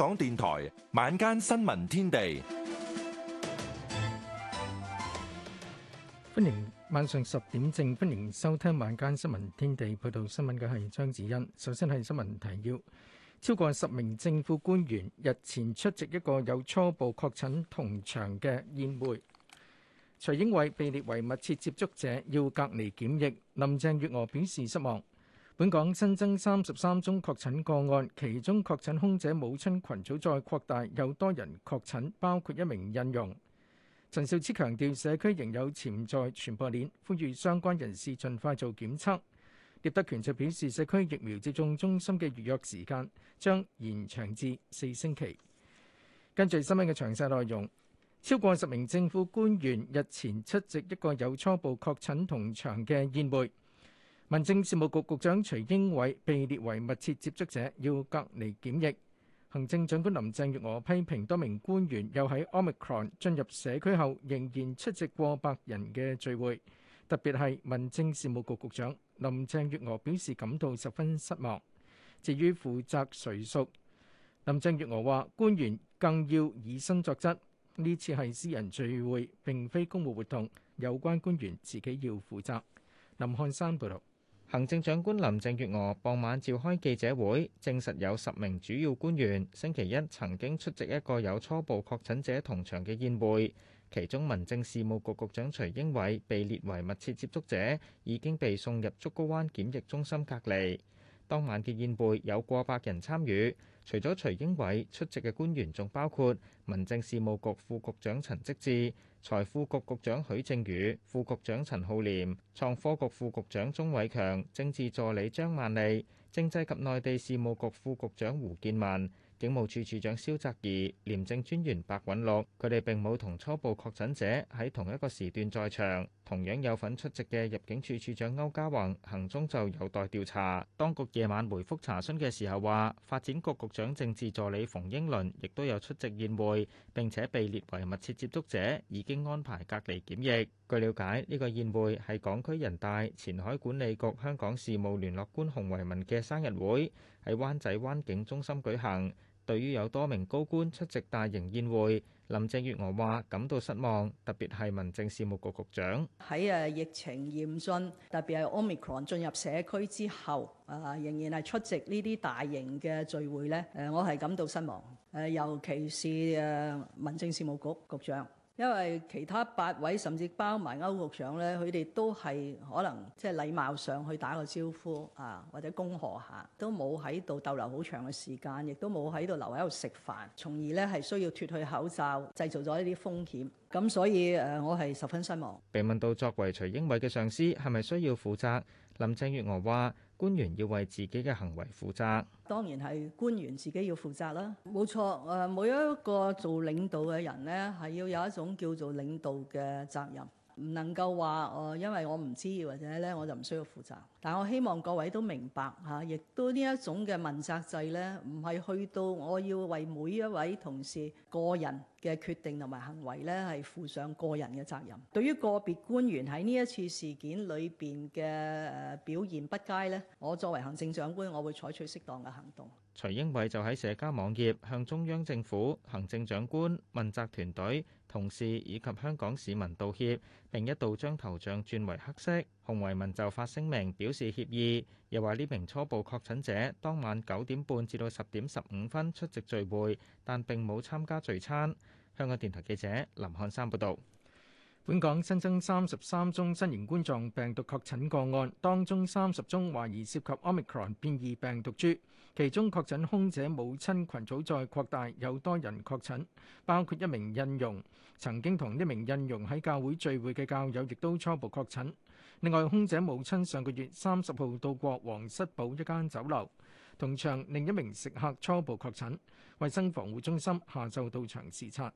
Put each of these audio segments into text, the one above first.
香港電台晚間新聞天地，歡迎晚上十點正，歡迎收聽晚間新聞天地。報道新聞嘅係張子欣。首先係新聞提要：超過十名政府官員日前出席一個有初步確診同場嘅宴會，徐英偉被列為密切接觸者，要隔離檢疫。林鄭月娥表示失望。本港新增三十三宗確診個案，其中確診空姐母親群組再擴大，有多人確診，包括一名印傭。陳肇始強調社區仍有潛在傳播鏈，呼籲相關人士盡快做檢測。聶德權就表示社區疫苗接種中心嘅預約時間將延長至四星期。根據新聞嘅詳細內容，超過十名政府官員日前出席一個有初步確診同場嘅宴會。民政事務局局長徐英偉被列為密切接觸者，要隔離檢疫。行政長官林鄭月娥批評多名官員又喺 Omicron 進入社區後，仍然出席過百人嘅聚會。特別係民政事務局局長，林鄭月娥表示感到十分失望。至於負責誰屬，林鄭月娥話官員更要以身作則。呢次係私人聚會，並非公務活動，有關官員自己要負責。林漢山報道。行政長官林鄭月娥傍晚召開記者會，證實有十名主要官員星期一曾經出席一個有初步確診者同場嘅宴會，其中民政事務局局局長徐英偉被列為密切接觸者，已經被送入竹篙灣檢疫中心隔離。當晚嘅宴會有過百人參與，除咗徐英偉出席嘅官員，仲包括民政事務局副局長陳積志。財富局局長許正宇、副局長陳浩濂、創科局副局長鍾偉強、政治助理張曼莉、政制及內地事務局副局長胡健民。警務處處長蕭澤頤、廉政專員白韞六，佢哋並冇同初步確診者喺同一個時段在場。同樣有份出席嘅入境處處長區嘉宏行蹤就有待調查。當局夜晚回覆查詢嘅時候話，發展局局長政治助理馮英倫亦都有出席宴會，並且被列為密切接觸者，已經安排隔離檢疫。據了解，呢個宴會係港區人大前海管理局香港事務聯絡官洪為民嘅生日會，喺灣仔灣景中心舉行。對於有多名高官出席大型宴會，林鄭月娥話感到失望，特別係民政事務局局長喺誒疫情嚴峻，特別係 Omicron 進入社區之後，啊仍然係出席呢啲大型嘅聚會咧，誒我係感到失望，誒尤其是誒民政事務局局長。因為其他八位甚至包埋歐局長咧，佢哋都係可能即係禮貌上去打個招呼啊，或者恭賀下，都冇喺度逗留好長嘅時間，亦都冇喺度留喺度食飯，從而咧係需要脫去口罩，製造咗一啲風險。咁所以誒，我係十分失望。被問到作為徐英偉嘅上司，係咪需要負責？林鄭月娥話。官員要為自己嘅行為負責。當然係官員自己要負責啦。冇錯，誒每一個做領導嘅人咧，係要有一種叫做領導嘅責任。唔能夠話，誒，因為我唔知或者咧，我就唔需要負責，但我希望各位都明白吓，亦都呢一種嘅問責制咧，唔係去到我要為每一位同事個人嘅決定同埋行為咧，係負上個人嘅責任。對於個別官員喺呢一次事件裏邊嘅誒表現不佳咧，我作為行政長官，我會採取適當嘅行動。徐英偉就喺社交網頁向中央政府、行政長官、問責團隊、同事以及香港市民道歉，並一度將頭像轉為黑色。洪為民就發聲明表示歉意，又話呢名初步確診者當晚九點半至到十點十五分出席聚會，但並冇參加聚餐。香港電台記者林漢山報道。本港新增三十三宗新型冠狀病毒確診個案，當中三十宗懷疑涉及 omicron 變異病毒株。其中確診空姐母親群組再擴大，有多人確診，包括一名印佣。曾經同一名印傭喺教會聚會嘅教友亦都初步確診，另外，空姐母親上個月三十號到過皇室堡一間酒樓，同場另一名食客初步確診，衛生防護中心下晝到場視察。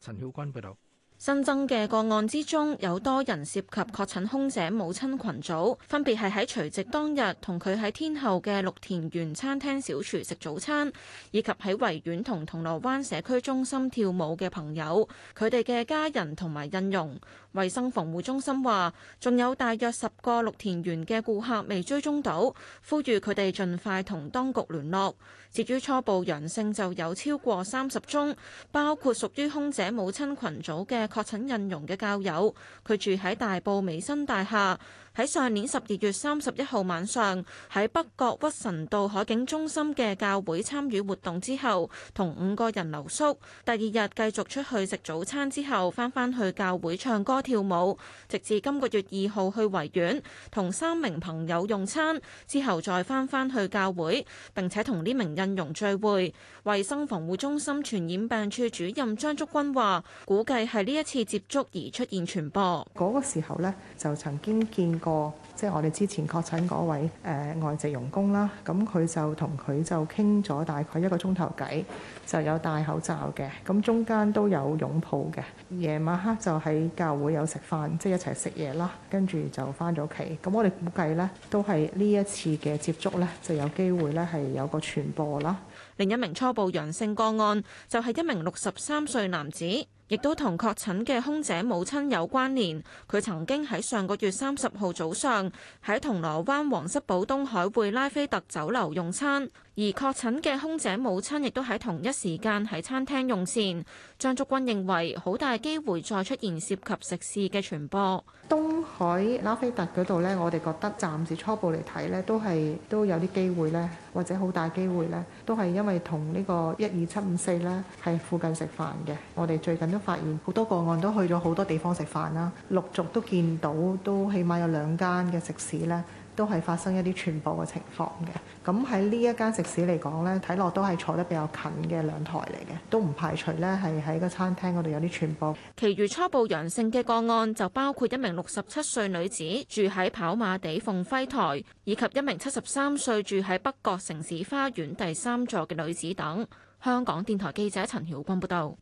陳曉君報道。新增嘅個案之中有多人涉及確診空姐母親群組，分別係喺除夕當日同佢喺天后嘅綠田園餐廳小廚食早餐，以及喺維園同銅鑼灣社區中心跳舞嘅朋友。佢哋嘅家人同埋印傭，衛生防護中心話仲有大約十個綠田園嘅顧客未追蹤到，呼籲佢哋盡快同當局聯絡。至於初步陽性就有超過三十宗，包括屬於空姐母親群組嘅確診印傭嘅教友，佢住喺大埔美新大廈。喺上年十二月三十一號晚上，喺北角屈臣道海景中心嘅教會參與活動之後，同五個人留宿。第二日繼續出去食早餐之後，翻返去教會唱歌跳舞，直至今個月二號去維園同三名朋友用餐之後，再翻返去教會，並且同呢名印傭聚會。衞生防護中心傳染病處主任張竹君話，估計係呢一次接觸而出現傳播。嗰個時候呢，就曾經見。個即係我哋之前確診嗰位誒外籍傭工啦，咁佢就同佢就傾咗大概一個鐘頭偈，就有戴口罩嘅，咁中間都有擁抱嘅，夜晚黑就喺教會有食飯，即係一齊食嘢啦，跟住就翻咗屋企。咁我哋估計呢都係呢一次嘅接觸呢，就有機會呢係有個傳播啦。另一名初步陽性個案就係，是，一名六十三歲男子。亦都同確診嘅空姐母親有關聯，佢曾經喺上個月三十號早上，喺銅鑼灣皇室堡東海會拉菲特酒樓用餐。而確診嘅空姐母親亦都喺同一時間喺餐廳用膳。張竹君認為好大機會再出現涉及食肆嘅傳播。東海拉菲特嗰度呢，我哋覺得暫時初步嚟睇呢，都係都有啲機會呢，或者好大機會呢，都係因為同呢個一二七五四呢係附近食飯嘅。我哋最近都發現好多個案都去咗好多地方食飯啦，陸續都見到都起碼有兩間嘅食肆呢。都係發生一啲傳播嘅情況嘅，咁喺呢一間食肆嚟講呢，睇落都係坐得比較近嘅兩台嚟嘅，都唔排除呢係喺個餐廳嗰度有啲傳播。其餘初步陽性嘅個案就包括一名六十七歲女子住喺跑馬地鳳輝台，以及一名七十三歲住喺北角城市花園第三座嘅女子等。香港電台記者陳曉君報導。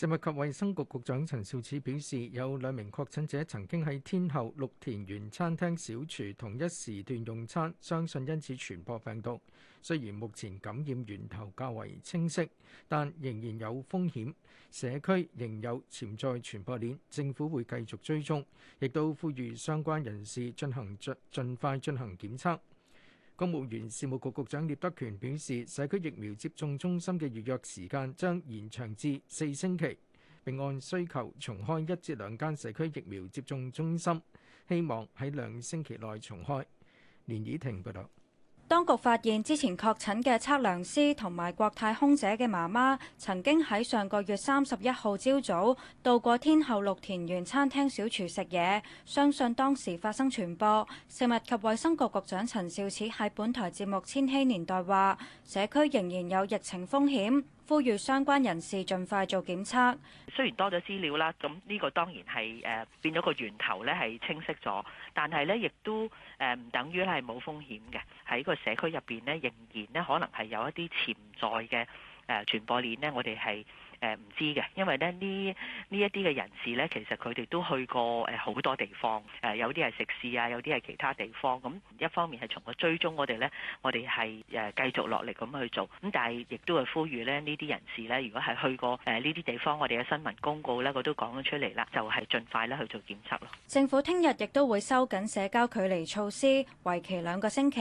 食物及衛生局局長陳肇始表示，有兩名確診者曾經喺天后綠田園餐廳小廚同一時段用餐，相信因此傳播病毒。雖然目前感染源頭較為清晰，但仍然有風險，社區仍有潛在傳播鏈，政府會繼續追蹤，亦都呼籲相關人士進行盡盡快進行檢測。公務員事務局局長聶德權表示，社區疫苗接種中心嘅預約時間將延長至四星期，並按需求重開一至兩間社區疫苗接種中心，希望喺兩星期內重開。連倚婷報導。當局發現之前確診嘅測量師同埋國泰空姐嘅媽媽曾經喺上個月三十一號朝早到過天后綠田園餐廳小廚食嘢，相信當時發生傳播。食物及衛生局局長陳肇始喺本台節目《千禧年代》話：社區仍然有疫情風險。呼籲相關人士盡快做檢測。雖然多咗資料啦，咁呢個當然係誒、呃、變咗個源頭咧係清晰咗，但係咧亦都誒唔等於係冇風險嘅。喺個社區入邊咧，仍然咧可能係有一啲潛在嘅誒、呃、傳播鏈咧，我哋係。誒唔、嗯、知嘅，因為呢呢一啲嘅人士呢，其實佢哋都去過誒好多地方，誒有啲係食肆啊，有啲係其他地方。咁一方面係從個追蹤，我哋呢，我哋係誒繼續落力咁去做。咁但係亦都係呼籲咧，呢啲人士呢，如果係去過誒呢啲地方，我哋嘅新聞公告呢，我都講咗出嚟啦，就係、是、盡快咧去做檢測咯。政府聽日亦都會收緊社交距離措施，為期兩個星期。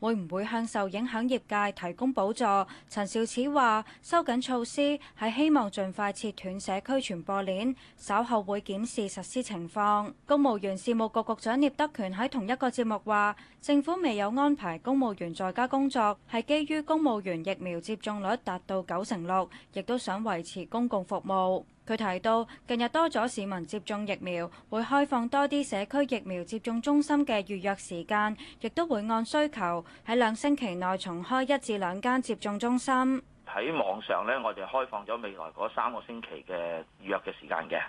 會唔會向受影響業界提供補助？陳肇始話：收緊措施係希望。望盡快切斷社區傳播鏈，稍後會檢視實施情況。公務員事務局局長聶德權喺同一個節目話，政府未有安排公務員在家工作，係基於公務員疫苗接種率達到九成六，亦都想維持公共服務。佢提到，近日多咗市民接種疫苗，會開放多啲社區疫苗接種中心嘅預約時間，亦都會按需求喺兩星期內重開一至兩間接種中心。喺網上咧，我哋開放咗未來嗰三個星期嘅預約嘅時間嘅。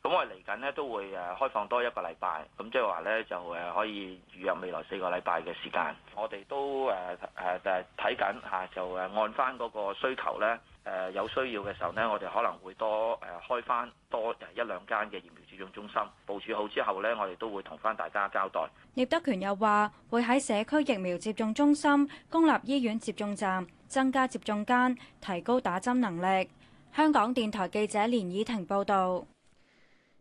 咁我嚟緊呢，都會誒開放多一個禮拜，咁即係話咧就誒可以預約未來四個禮拜嘅時間。我哋都誒誒誒睇緊嚇、啊，就誒按翻嗰個需求咧誒、啊、有需要嘅時候呢，我哋可能會多誒、啊、開翻多一兩間嘅疫苗接種中心。部署好之後咧，我哋都會同翻大家交代。聶德權又話會喺社區疫苗接種中心、公立醫院接種站。增加接種間，提高打針能力。香港電台記者連以婷報導，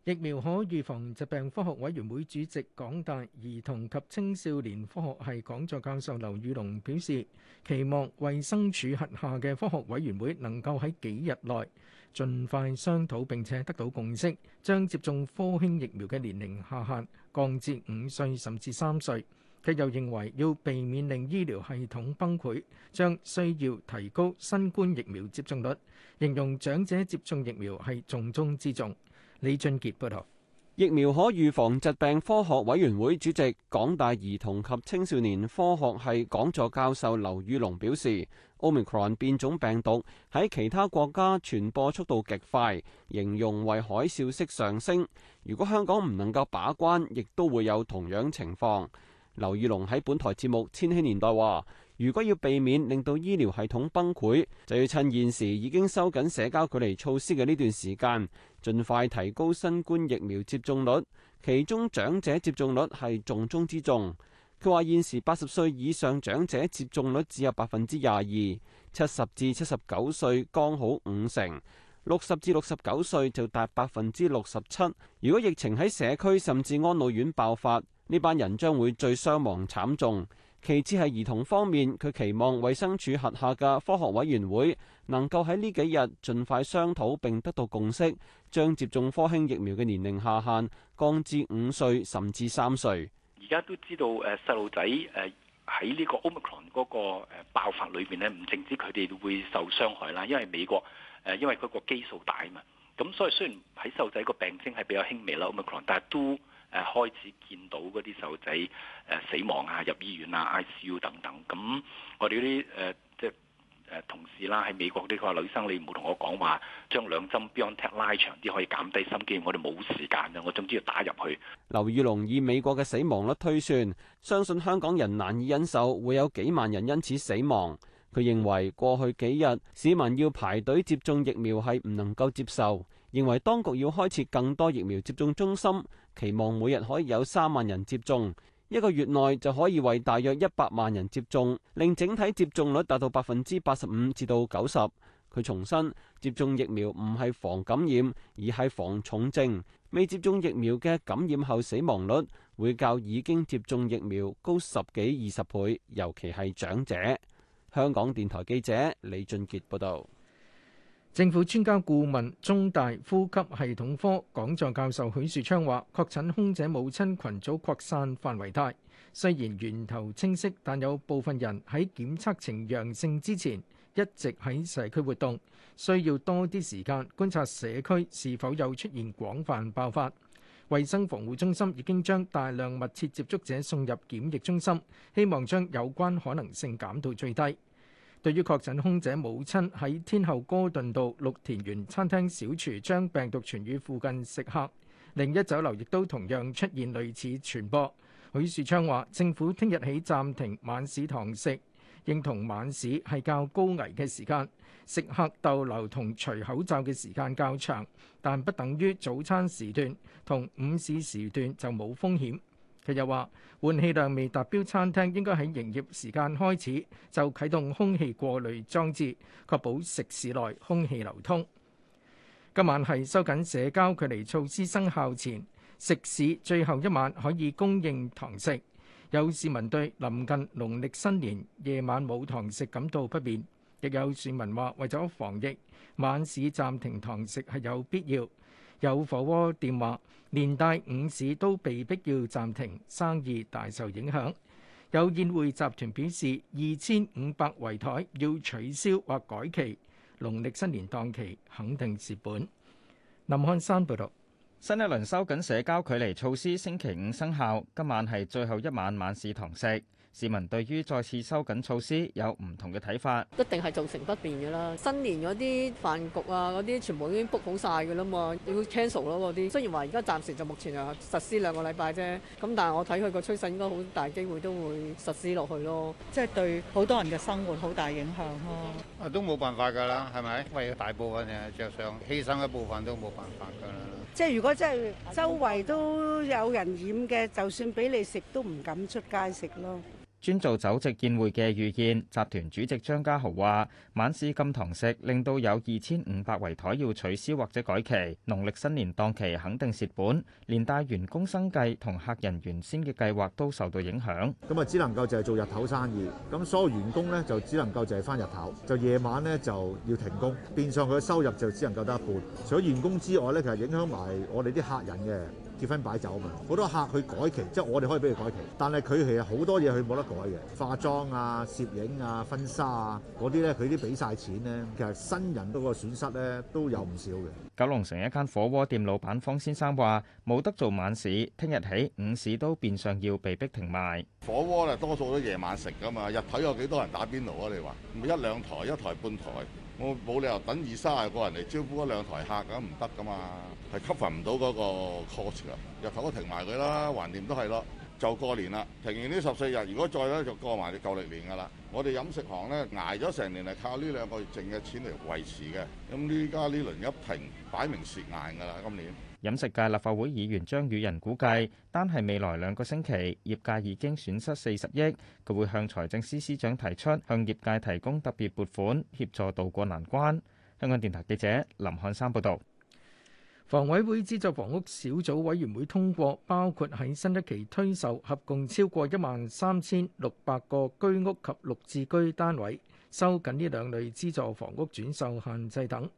疫苗可預防疾病科學委員會主席、港大兒童及青少年科學系講座教授劉宇龍表示，期望衛生署轄下嘅科學委員會能夠喺幾日內盡快商討並且得到共識，將接種科興疫苗嘅年齡下限降至五歲甚至三歲。佢又認為要避免令醫療系統崩潰，將需要提高新冠疫苗接種率，形容長者接種疫苗係重中之重。李俊傑報道，疫苗可預防疾病科學委員會主席、港大兒童及青少年科學系講座教授劉宇龍表示，Omicron 變種病毒喺其他國家傳播速度極快，形容為海嘯式上升。如果香港唔能夠把關，亦都會有同樣情況。劉宇龍喺本台節目《千禧年代》話，如果要避免令到醫療系統崩潰，就要趁現時已經收緊社交距離措施嘅呢段時間，盡快提高新冠疫苗接種率，其中長者接種率係重中之重。佢話現時八十歲以上長者接種率只有百分之廿二，七十至七十九歲剛好五成，六十至六十九歲就達百分之六十七。如果疫情喺社區甚至安老院爆發，呢班人將會最傷亡慘重，其次係兒童方面，佢期望衛生署轄下嘅科學委員會能夠喺呢幾日盡快商討並得到共識，將接種科興疫苗嘅年齡下限降至五歲甚至三歲。而家都知道誒細路仔誒喺呢個 Omicron 嗰個誒爆發裏邊咧，唔淨止佢哋會受傷害啦，因為美國誒、呃、因為佢個基數大啊嘛，咁所以雖然喺細路仔個病徵係比較輕微啦 Omicron 但係都。誒開始見到嗰啲細路仔誒死亡啊，入醫院啊，ICU 等等。咁我哋啲誒即係誒同事啦，喺美國啲話：女醫生，你唔好同我講話，將兩針 BioNTech 拉長啲，可以減低心肌。我哋冇時間啊！我總之要打入去。劉宇龍以美國嘅死亡率推算，相信香港人難以忍受，會有幾萬人因此死亡。佢認為過去幾日市民要排隊接種疫苗係唔能夠接受，認為當局要開設更多疫苗接種中心。期望每日可以有三萬人接種，一個月內就可以為大約一百萬人接種，令整體接種率達到百分之八十五至到九十。佢重申，接種疫苗唔係防感染，而係防重症。未接種疫苗嘅感染後死亡率會較已經接種疫苗高十幾二十倍，尤其係長者。香港電台記者李俊傑報道。政府專家顧問、中大呼吸系統科講座教授許樹昌話，確診空姐母親群組擴散範圍大，雖然源頭清晰，但有部分人喺檢測呈陽性之前一直喺社區活動，需要多啲時間觀察社區是否又出現廣泛爆發。衛生防護中心已經將大量密切接觸者送入檢疫中心，希望將有關可能性減到最低。對於確診空姐母親喺天后歌頓道綠田園餐廳小廚將病毒傳予附近食客，另一酒樓亦都同樣出現類似傳播。許樹昌話：政府聽日起暫停晚市堂食，認同晚市係較高危嘅時間，食客逗留同除口罩嘅時間較長，但不等於早餐時段同午市時段就冇風險。佢又話：換氣量未達標，餐廳應該喺營業時間開始就啟動空氣過濾裝置，確保食肆內空氣流通。今晚係收緊社交距離措施生效前，食肆最後一晚可以供應堂食。有市民對臨近農曆新年夜晚冇堂食感到不便，亦有市民話為咗防疫，晚市暫停堂食係有必要。有火鍋店話，連帶午市都被逼要暫停，生意大受影響。有宴會集團表示，二千五百圍台要取消或改期，農曆新年檔期肯定蝕本。林漢山報導，新一輪收緊社交距離措施星期五生效，今晚係最後一晚晚市堂食。市民對於再次收緊措施有唔同嘅睇法。一定係造成不便㗎啦。新年嗰啲飯局啊，嗰啲全部已經 book 好晒㗎啦嘛，要 cancel 咯嗰啲。雖然話而家暫時就目前啊實施兩個禮拜啫，咁但係我睇佢個趨勢，應該好大機會都會實施落去咯。即係對好多人嘅生活好大影響咯。啊，都冇辦法㗎啦，係咪？為咗大部分嘅着想犧牲一部分都冇辦法㗎啦。即係如果真係周圍都有人染嘅，就算俾你食都唔敢出街食咯。專做酒席宴會嘅預宴集團主席張家豪話：晚市禁堂食令到有二千五百圍枱要取消或者改期，農曆新年檔期肯定蝕本，連帶員工生計同客人原先嘅計劃都受到影響。咁啊，只能夠就係做日頭生意，咁所有員工呢就只能夠就係返日頭，就夜晚呢就要停工，變相佢嘅收入就只能夠得一半。除咗員工之外呢，其實影響埋我哋啲客人嘅。結婚擺酒啊嘛，好多客去改期，即係我哋可以俾佢改期，但係佢其實好多嘢佢冇得改嘅，化妝啊、攝影啊、婚紗啊嗰啲咧，佢啲俾晒錢咧，其實新人嗰個損失咧都有唔少嘅。九龍城一間火鍋店老闆方先生話：冇得做晚市，聽日起午市都變相要被逼停賣。火鍋咧多數都夜晚食㗎嘛，日頭有幾多人打邊爐啊？你話一兩台，一台半台，我冇理由等二三十個人嚟招呼一兩台客咁唔得㗎嘛。係吸收唔到嗰個 cost 啊！日頭都停埋佢啦，橫掂都係咯，就過年啦，停完呢十四日，如果再咧就過埋你舊歷年噶啦。我哋飲食行咧捱咗成年係靠呢兩個月剩嘅錢嚟維持嘅，咁呢家呢輪一停，擺明蝕硬噶啦！今年飲食界立法會議員張宇人估計，單係未來兩個星期，業界已經損失四十億。佢會向財政司司長提出向業界提供特別撥款，協助渡過難關。香港電台記者林漢山報道。房委會資助房屋小組委員會通過包括喺新一期推售合共超過一萬三千六百個居屋及綠置居單位，收緊呢兩類資助房屋轉售限制等。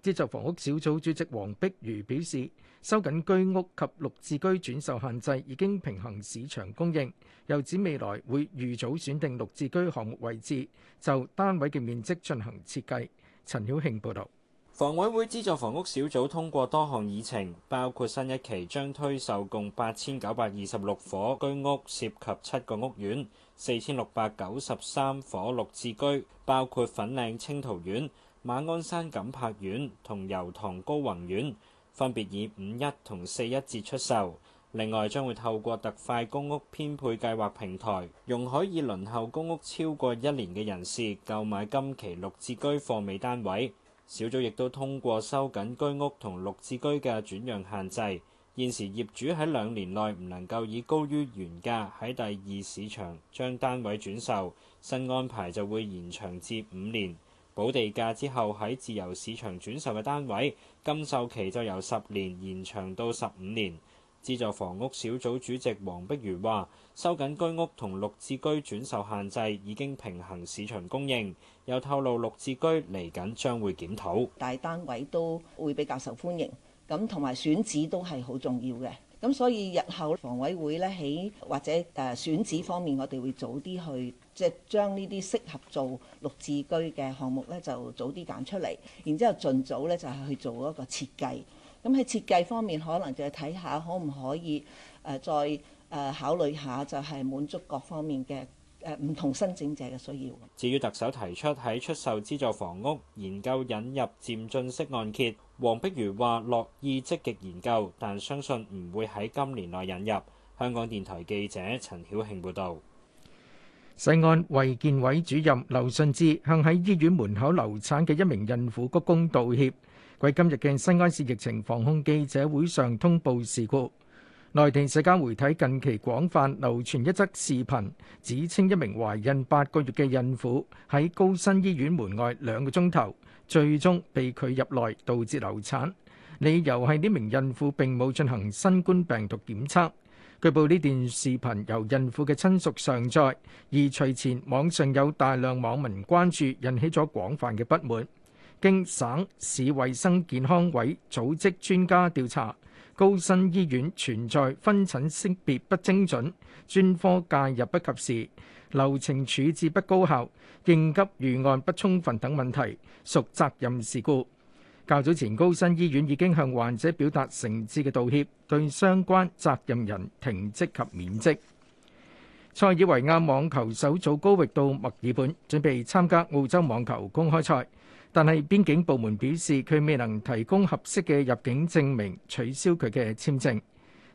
資助房屋小組主席黃碧如表示，收緊居屋及綠置居轉售限制已經平衡市場供應，又指未來會預早選定綠置居項目位置，就單位嘅面積進行設計，陳曉慶報道。房委會資助房屋小組通過多項議程，包括新一期將推售共八千九百二十六伙居屋，涉及七個屋苑，四千六百九十三伙綠置居，包括粉嶺清濤苑、馬鞍山錦柏苑同油塘高宏苑，分別以五一同四一折出售。另外，將會透過特快公屋編配計劃平台，容許已輪候公屋超過一年嘅人士購買今期綠置居貨尾單位。小組亦都通過收緊居屋同綠置居嘅轉讓限制，現時業主喺兩年內唔能夠以高於原價喺第二市場將單位轉售，新安排就會延長至五年。補地價之後喺自由市場轉售嘅單位，禁售期就由十年延長到十五年。資助房屋小組主席黃碧如話，收緊居屋同綠置居轉售限制已經平衡市場供應。又透露六字居嚟緊將會檢討大單位都會比較受歡迎，咁同埋選址都係好重要嘅，咁所以日後房委會咧喺或者誒選址方面，我哋會早啲去即係將呢啲適合做六字居嘅項目咧，就早啲揀出嚟，然之後盡早咧就係去做一個設計。咁喺設計方面，可能就係睇下可唔可以誒再誒考慮下，就係滿足各方面嘅。誒唔同申請者嘅需要。至於特首提出喺出售資助房屋，研究引入漸進式按揭，黃碧如話樂意積極研究，但相信唔會喺今年內引入。香港電台記者陳曉慶報道。西安衞健委主任劉順智向喺醫院門口流產嘅一名孕婦鞠躬道歉。佢今日嘅西安市疫情防控記者會上通報事故。內地社交媒體近期廣泛流傳一則視頻，指稱一名懷孕八個月嘅孕婦喺高新醫院門外兩個鐘頭，最終被拒入內，導致流產。理由係呢名孕婦並冇進行新冠病毒檢測。據報呢段視頻由孕婦嘅親屬上載，而隨前網上有大量網民關注，引起咗廣泛嘅不滿。經省市衛生健康委組織專家調查，高新醫院存在分診識別不精準、專科介入不及時、流程處置不高效、應急預案不充分等問題，屬責任事故。較早前高新醫院已經向患者表達誠摯嘅道歉，對相關責任人停職及免職。塞爾維亞網球手祖高域到墨爾本，準備參加澳洲網球公開賽。但係，邊境部門表示佢未能提供合適嘅入境證明，取消佢嘅簽證。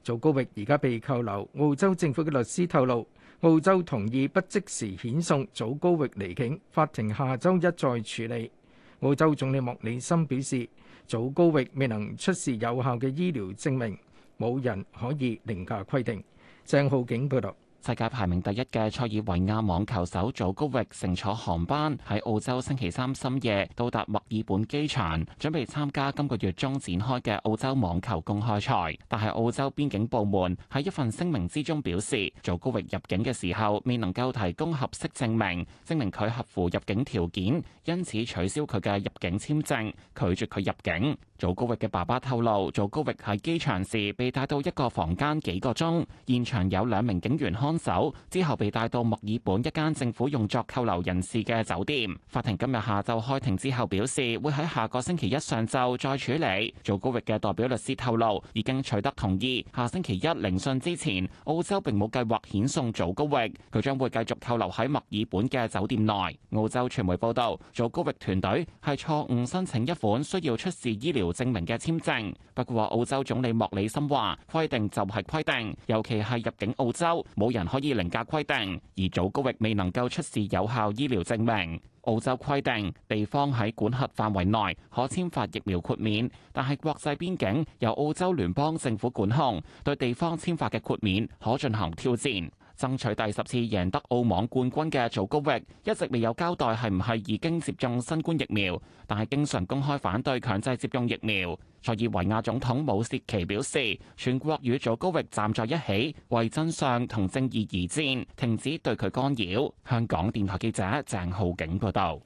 祖高域而家被扣留。澳洲政府嘅律師透露，澳洲同意不即時遣送祖高域離境。法庭下週一再處理。澳洲總理莫里森表示，祖高域未能出示有效嘅醫療證明，冇人可以凌駕規定。鄭浩景報道。世界排名第一嘅塞爾維亞網球手祖高域乘坐航班喺澳洲星期三深夜到達墨爾本機場，準備參加今個月中展開嘅澳洲網球公開賽。但係澳洲邊境部門喺一份聲明之中表示，祖高域入境嘅時候未能夠提供合適證明，證明佢合乎入境條件，因此取消佢嘅入境簽證，拒絕佢入境。祖高域嘅爸爸透露，祖高域喺機場時被帶到一個房間幾個鐘，現場有兩名警員幫手之後被帶到墨爾本一間政府用作扣留人士嘅酒店。法庭今日下晝開庭之後表示，會喺下個星期一上晝再處理。做高域嘅代表律師透露，已經取得同意，下星期一聆訊之前，澳洲並冇計劃遣送早高域，佢將會繼續扣留喺墨爾本嘅酒店內。澳洲傳媒報道，做高域團隊係錯誤申請一款需要出示醫療證明嘅簽證，不過澳洲總理莫里森話，規定就係規定，尤其係入境澳洲冇。人可以凌駕規定，而祖高域未能夠出示有效醫療證明。澳洲規定，地方喺管轄範圍內可簽發疫苗豁免，但係國際邊境由澳洲聯邦政府管控，對地方簽發嘅豁免可進行挑戰。爭取第十次贏得澳網冠軍嘅祖高域一直未有交代係唔係已經接種新冠疫苗，但係經常公開反對強制接種疫苗。塞爾維亞總統武切奇表示，全國與祖高域站在一起，為真相同正義而戰，停止對佢干擾。香港電台記者鄭浩景報道。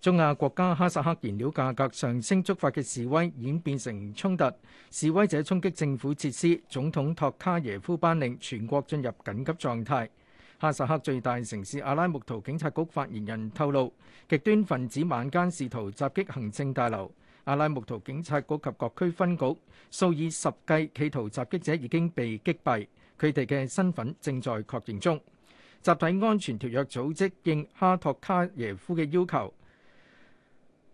中亞國家哈薩克燃料價格上升觸發嘅示威演變成衝突，示威者衝擊政府設施，總統托卡耶夫班令全國進入緊急狀態。哈薩克最大城市阿拉木圖警察局發言人透露，極端分子晚間試圖襲擊行政大樓，阿拉木圖警察局及各區分局數以十計企圖襲擊者已經被擊斃，佢哋嘅身份正在確認中。集體安全條約組織應哈托卡耶夫嘅要求。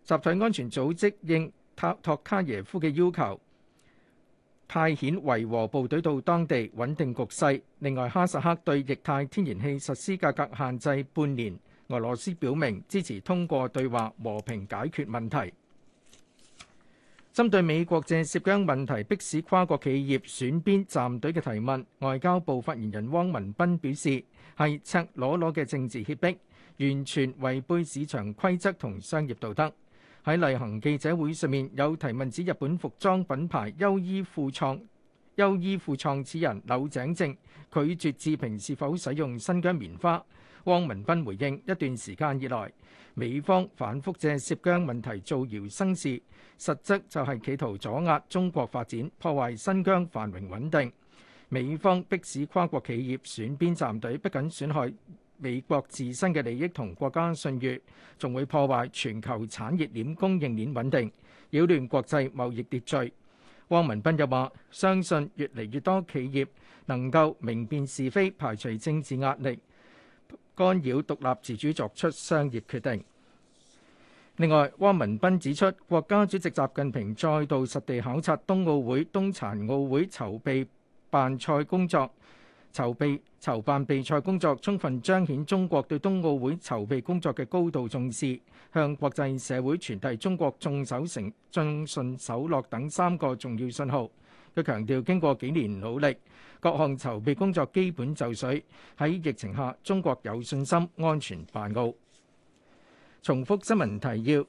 集體安全組織應塔托卡耶夫嘅要求，派遣維和部隊到當地穩定局勢。另外，哈薩克對液態天然氣實施價格限制半年。俄羅斯表明支持通過對話和平解決問題。針對美國借涉疆問題迫使跨國企業選邊站隊嘅提問，外交部發言人汪文斌表示：係赤裸裸嘅政治脅迫，完全違背市場規則同商業道德。喺例行記者會上面，有提問指日本服裝品牌優衣庫創優衣庫創始人柳井正拒絕置評是否使用新疆棉花。汪文斌回應：一段時間以來，美方反覆借涉疆問題造謠生事，實質就係企圖阻壓中國發展，破壞新疆繁榮穩定。美方迫使跨國企業選邊站隊，不僅損害美國自身嘅利益同國家信譽，仲會破壞全球產業鏈、供應鏈穩定，擾亂國際貿易秩序。汪文斌又話：相信越嚟越多企業能夠明辨是非，排除政治壓力干擾，獨立自主作出商業決定。另外，汪文斌指出，國家主席習近平再度實地考察冬奧會、冬殘奧會籌備辦賽工作。籌備籌辦備賽工作，充分彰顯中國對冬奧會籌備工作嘅高度重視，向國際社會傳遞中國重守承、重信守諾等三個重要訊號。佢強調，經過幾年努力，各項籌備工作基本就緒。喺疫情下，中國有信心安全辦奧。重複新聞提要：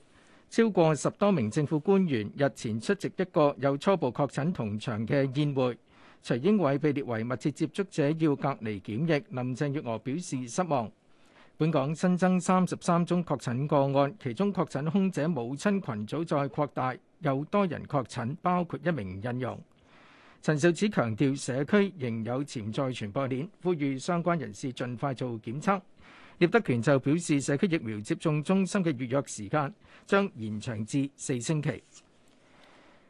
超過十多名政府官員日前出席一個有初步確診同場嘅宴會。徐英偉被列為密切接觸者，要隔離檢疫。林鄭月娥表示失望。本港新增三十三宗確診個案，其中確診空姐母親群組再擴大，有多人確診，包括一名孕用。陳肇始強調社區仍有潛在傳播鏈，呼籲相關人士盡快做檢測。聶德權就表示社區疫苗接種中心嘅預約時間將延長至四星期。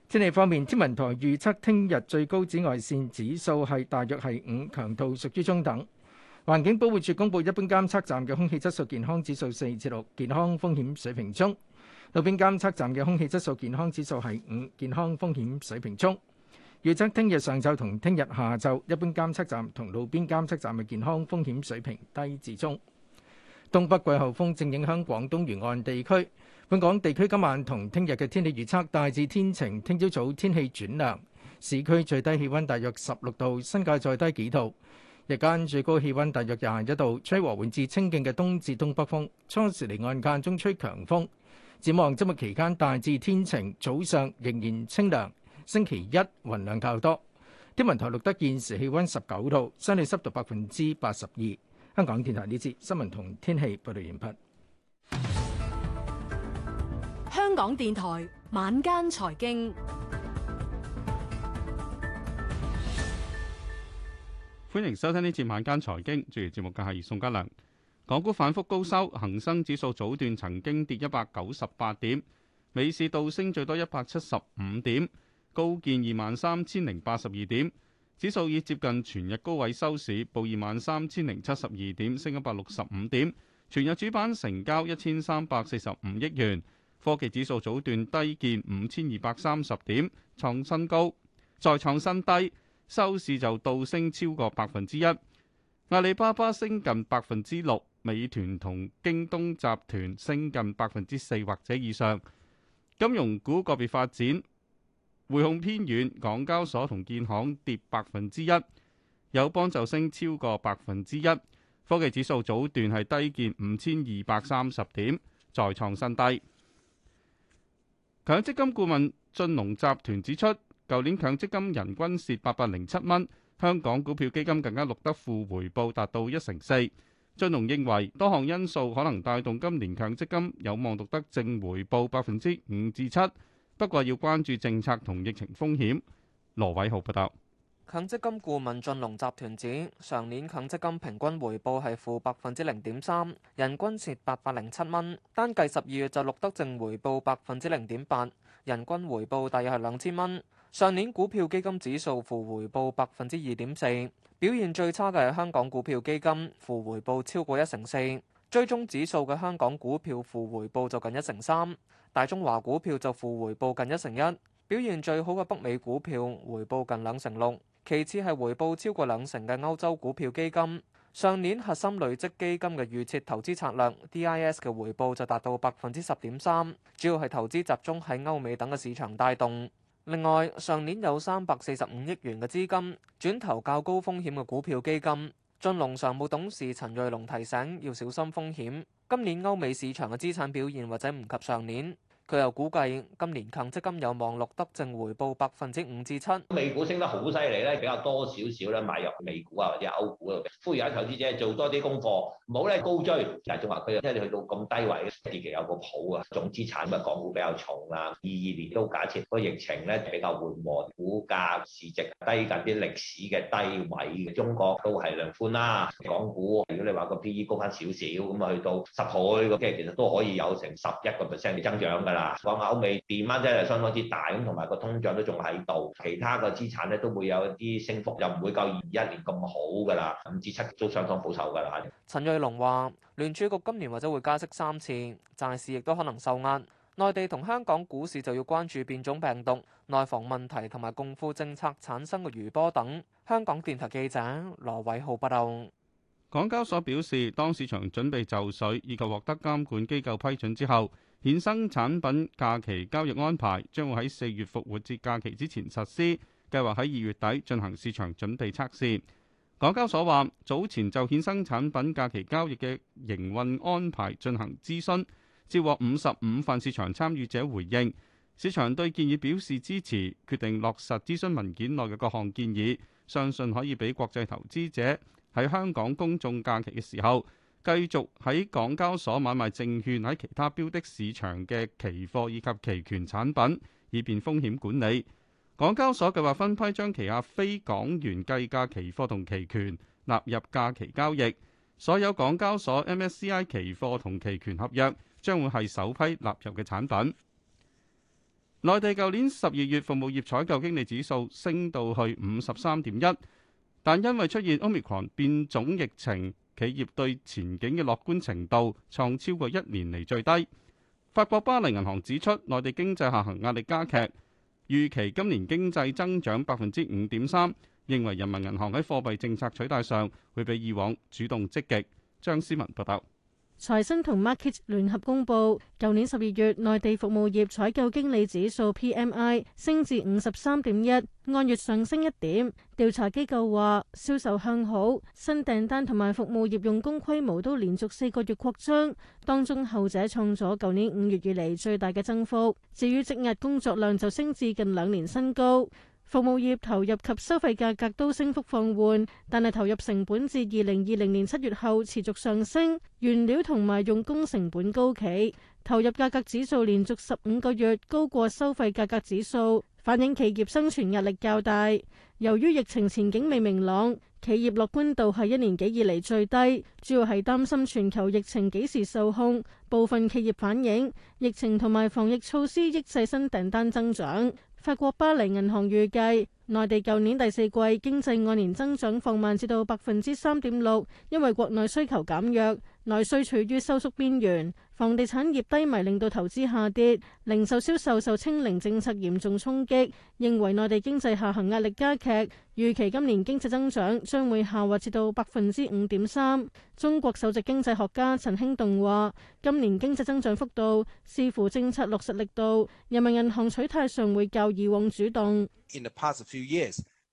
天氣方面，天文台預測聽日最高紫外線指數係大約係五，強度屬於中等。環境保護署公布，一般監測站嘅空氣質素健康指數四至六，健康風險水平中；路邊監測站嘅空氣質素健康指數係五，健康風險水平中。預測聽日上晝同聽日下晝，一般監測站同路邊監測站嘅健康風險水平低至中。東北季候風正影響廣東沿岸地區。本港地區今晚同聽日嘅天氣預測大致天晴，聽朝早，早天氣轉涼，市區最低氣温大約十六度，新界再低幾度。日間最高氣温大約廿一度，吹和緩至清勁嘅東至東北風，初時離岸間中吹強風。展望周末期間大致天晴，早上仍然清涼，星期一雲量較多。天文台錄得現時氣温十九度，相對濕度百分之八十二。香港電台呢節新聞同天氣報道完畢。香港電台晚間財經，歡迎收聽呢節晚間財經。主持節目嘅係宋家良。港股反覆高收，恒生指數早段曾經跌一百九十八點，尾市倒升最多一百七十五點，高見二萬三千零八十二點。指數已接近全日高位收市，報二萬三千零七十二點，升一百六十五點。全日主板成交一千三百四十五億元。科技指數早段低見五千二百三十點，創新高，再創新低，收市就倒升超過百分之一。阿里巴巴升近百分之六，美團同京東集團升近百分之四或者以上。金融股個別發展，匯控偏軟，港交所同建行跌百分之一，友邦就升超過百分之一。科技指數早段係低見五千二百三十點，再創新低。強積金顧問俊龍集團指出，舊年強積金人均蝕八百零七蚊，香港股票基金更加錄得負回報，達到一成四。俊龍認為多項因素可能帶動今年強積金有望錄得正回報百分之五至七，不過要關注政策同疫情風險。羅偉豪報道。強積金顧問駿隆集團指，上年強積金平均回報係負百分之零點三，人均蝕八百零七蚊。單計十二月就錄得正回報百分之零點八，人均回報大約係兩千蚊。上年股票基金指數負回報百分之二點四，表現最差嘅係香港股票基金，負回報超過一成四。追蹤指數嘅香港股票負回報就近一成三，大中華股票就負回報近一成一，表現最好嘅北美股票回報近兩成六。其次係回報超過兩成嘅歐洲股票基金，上年核心累積基金嘅預設投資策略 DIS 嘅回報就達到百分之十點三，主要係投資集中喺歐美等嘅市場帶動。另外，上年有三百四十五億元嘅資金轉投較高風險嘅股票基金，俊龍常務董事陳瑞龍提醒要小心風險。今年歐美市場嘅資產表現或者唔及上年。佢又估計今年強積金有望錄得正回報百分之五至七。美股升得好犀利咧，比較多少少咧買入美股啊或者歐股。呼籲啲投資者做多啲功課，唔好咧高追大眾化區啊，即係你去到咁低位時期有個譜啊。總資產嘅港股比較重啦。二二年都假設個疫情咧比較緩和，股價市值低近啲歷史嘅低位。中國都係量寬啦，港股如果你話個 PE 高翻少少咁啊，去到十倍咁嘅，其實都可以有成十一個 percent 嘅增長㗎。嗱，個歐美變壓真係相當之大咁，同埋個通脹都仲喺度，其他個資產咧都會有一啲升幅，又唔會夠二一年咁好㗎啦，五至七都相當保守㗎啦嚇。陳瑞龍話：聯儲局今年或者會加息三次，債市亦都可能受壓。內地同香港股市就要關注變種病毒、內房問題同埋共富政策產生嘅餘波等。香港電台記者羅偉浩報道。港交所表示，當市場準備就緒以及獲得監管機構批准之後。衍生產品假期交易安排將會喺四月復活節假期之前實施，計劃喺二月底進行市場準備測試。港交所話，早前就衍生產品假期交易嘅營運安排進行諮詢，接獲五十五份市場參與者回應，市場對建議表示支持，決定落實諮詢文件內嘅各項建議，相信可以俾國際投資者喺香港公眾假期嘅時候。繼續喺港交所買賣證券，喺其他標的市場嘅期貨以及期權產品，以便風險管理。港交所計劃分批將旗下非港元計價期貨同期權納入假期交易。所有港交所 MSCI 期貨同期權合約將會係首批納入嘅產品。內地舊年十二月服務業採購經理指數升到去五十三點一，但因為出現 Omicron 變種疫情，企業對前景嘅樂觀程度創超過一年嚟最低。法國巴黎銀行指出，內地經濟下行壓力加劇，預期今年經濟增長百分之五點三，認為人民銀行喺貨幣政策取態上會比以往主動積極。張思文報道。財新同 Markit 聯合公布，舊年十二月內地服務業採購經理指數 PMI 升至五十三點一，按月上升一點。調查機構話，銷售向好，新訂單同埋服務業用工規模都連續四個月擴張，當中後者創咗舊年五月以嚟最大嘅增幅。至於積壓工作量就升至近兩年新高。服務業投入及收費價格都升幅放緩，但係投入成本自二零二零年七月後持續上升，原料同埋用工成本高企，投入價格指數連續十五個月高過收費價格指數，反映企業生存壓力較大。由於疫情前景未明朗，企業樂觀度係一年幾以嚟最低，主要係擔心全球疫情幾時受控。部分企業反映疫情同埋防疫措施抑制新訂單增長。法國巴黎銀行預計，內地舊年第四季經濟按年增長放慢至到百分之三點六，因為國內需求減弱，內需處於收縮邊緣。房地產業低迷令到投資下跌，零售銷售受清零政策嚴重衝擊，認為內地經濟下行壓力加劇，預期今年經濟增長將會下滑至到百分之五點三。中國首席經濟學家陳興棟話：今年經濟增長幅度視乎政策落實力度，人民銀行取態上會較以往主動。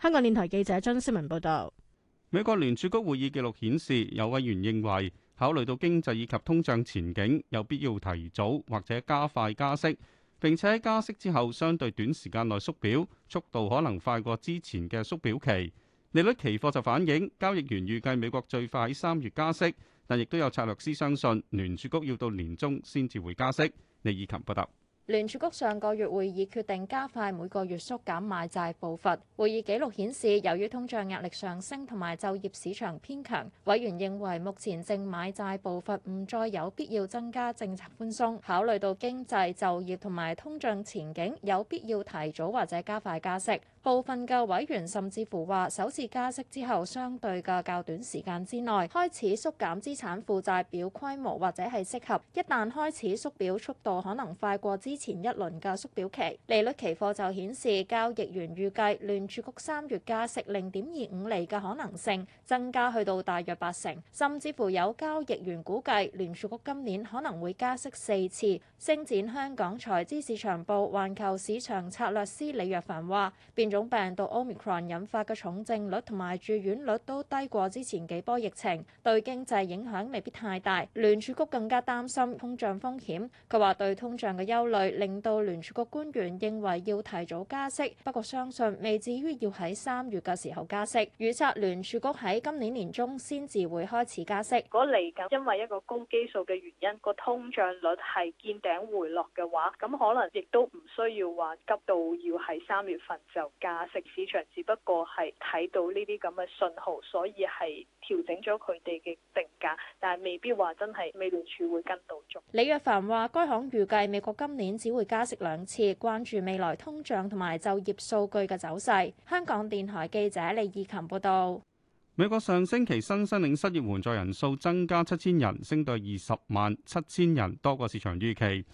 香港電台記者張思文報道，美國聯儲局會議記錄顯示，有委員認為，考慮到經濟以及通脹前景，有必要提早或者加快加息，並且加息之後相對短時間內縮表，速度可能快過之前嘅縮表期。利率期貨就反映，交易員預計美國最快喺三月加息，但亦都有策略師相信聯儲局要到年中先至會加息。李以琴報道。聯儲局上個月會議決定加快每個月縮減買債步伐。會議記錄顯示，由於通脹壓力上升同埋就業市場偏強，委員認為目前正買債步伐唔再有必要增加政策寬鬆。考慮到經濟、就業同埋通脹前景，有必要提早或者加快加息。部分嘅委員甚至乎話，首次加息之後，相對嘅較短時間之內開始縮減資產負債表規模，或者係適合。一旦開始，縮表速度可能快過之前一輪嘅縮表期。利率期貨就顯示交易員預計聯儲局三月加息零點二五厘嘅可能性增加去到大約八成，甚至乎有交易員估計聯儲局今年可能會加息四次。星展香港財資市場部環球市場策略師李若凡話：種病毒 Omicron 引發嘅重症率同埋住院率都低過之前幾波疫情，對經濟影響未必太大。聯儲局更加擔心通脹風險。佢話對通脹嘅憂慮令到聯儲局官員認為要提早加息，不過相信未至於要喺三月嘅時候加息。預測聯儲局喺今年年中先至會開始加息。如果嚟緊因為一個高基數嘅原因，個通脹率係見頂回落嘅話，咁可能亦都唔需要話急到要喺三月份就。價食市場只不過係睇到呢啲咁嘅信號，所以係調整咗佢哋嘅定價，但係未必話真係美聯儲會跟到足。李若凡話，該行預計美國今年只會加息兩次，關注未來通脹同埋就業數據嘅走勢。香港電台記者李義琴報道。美國上星期新申領失業援助人數增加七千人，升到二十萬七千人，多過市場預期。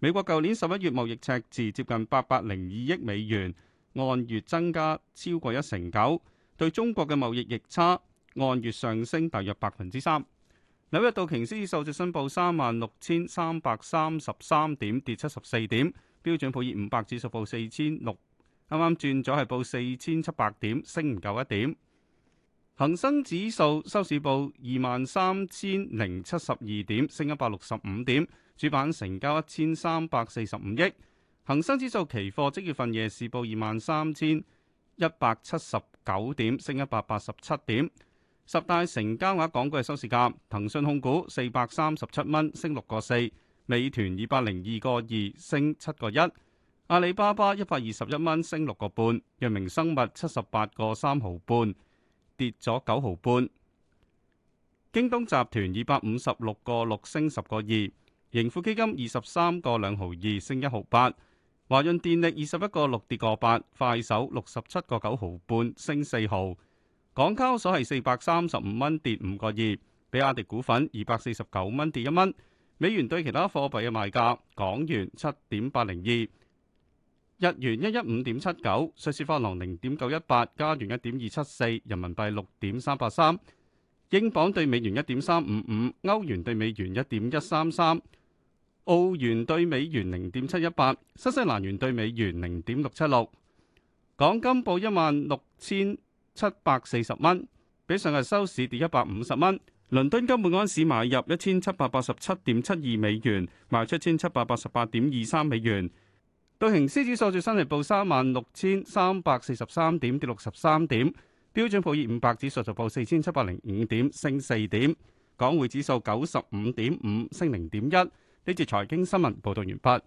美國舊年十一月貿易赤字接近八百零二億美元。按月增加超過一成九，對中國嘅貿易逆差按月上升大約百分之三。紐約道瓊斯指數就收報三萬六千三百三十三點，跌七十四點。標準普爾五百指數報四千六，啱啱轉咗係報四千七百點，升唔夠一點。恒生指數收市報二萬三千零七十二點，升一百六十五點。主板成交一千三百四十五億。恒生指數期貨即月份夜市報二萬三千一百七十九點，升一百八十七點。十大成交額港股嘅收市價：騰訊控股四百三十七蚊，升六個四；美團二百零二個二，升七個一；阿里巴巴一百二十一蚊，升六個半；藥明生物七十八個三毫半，跌咗九毫半；京東集團二百五十六個六，升十個二；盈富基金二十三個兩毫二，升一毫八。華潤電力二十一個六跌個八，快手六十七個九毫半升四毫，港交所係四百三十五蚊跌五個二，比亞迪股份二百四十九蚊跌一蚊。美元對其他貨幣嘅賣價，港元七點八零二，日元一一五點七九，瑞士法郎零點九一八，加元一點二七四，人民幣六點三八三，英鎊兌美元一點三五五，歐元兌美元一點一三三。澳元兌美元零點七一八，新西蘭元兌美元零點六七六。港金報一萬六千七百四十蚊，比上日收市跌一百五十蚊。倫敦金每盎司買入一千七百八十七點七二美元，賣出一千七百八十八點二三美元。道瓊斯指數最新日報三萬六千三百四十三點，跌六十三點。標準普爾五百指數就報四千七百零五點，升四點。港匯指數九十五點五，升零點一。呢次財經新聞報道完畢。